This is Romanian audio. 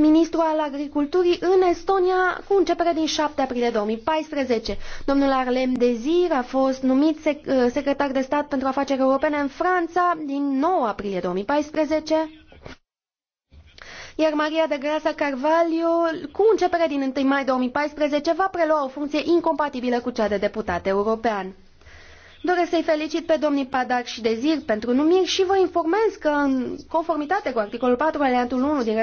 ministru al agriculturii în Estonia cu începere din 7 aprilie 2014. Domnul Arlem Dezir a fost numit sec uh, secretar de stat pentru afaceri europene în Franța din 9 aprilie 2014 iar Maria de Grasa Carvalho, cu începere din 1 mai 2014, va prelua o funcție incompatibilă cu cea de deputat european. Doresc să-i felicit pe domnii Padar și Dezir pentru numiri și vă informez că, în conformitate cu articolul 4 aliantul 1 din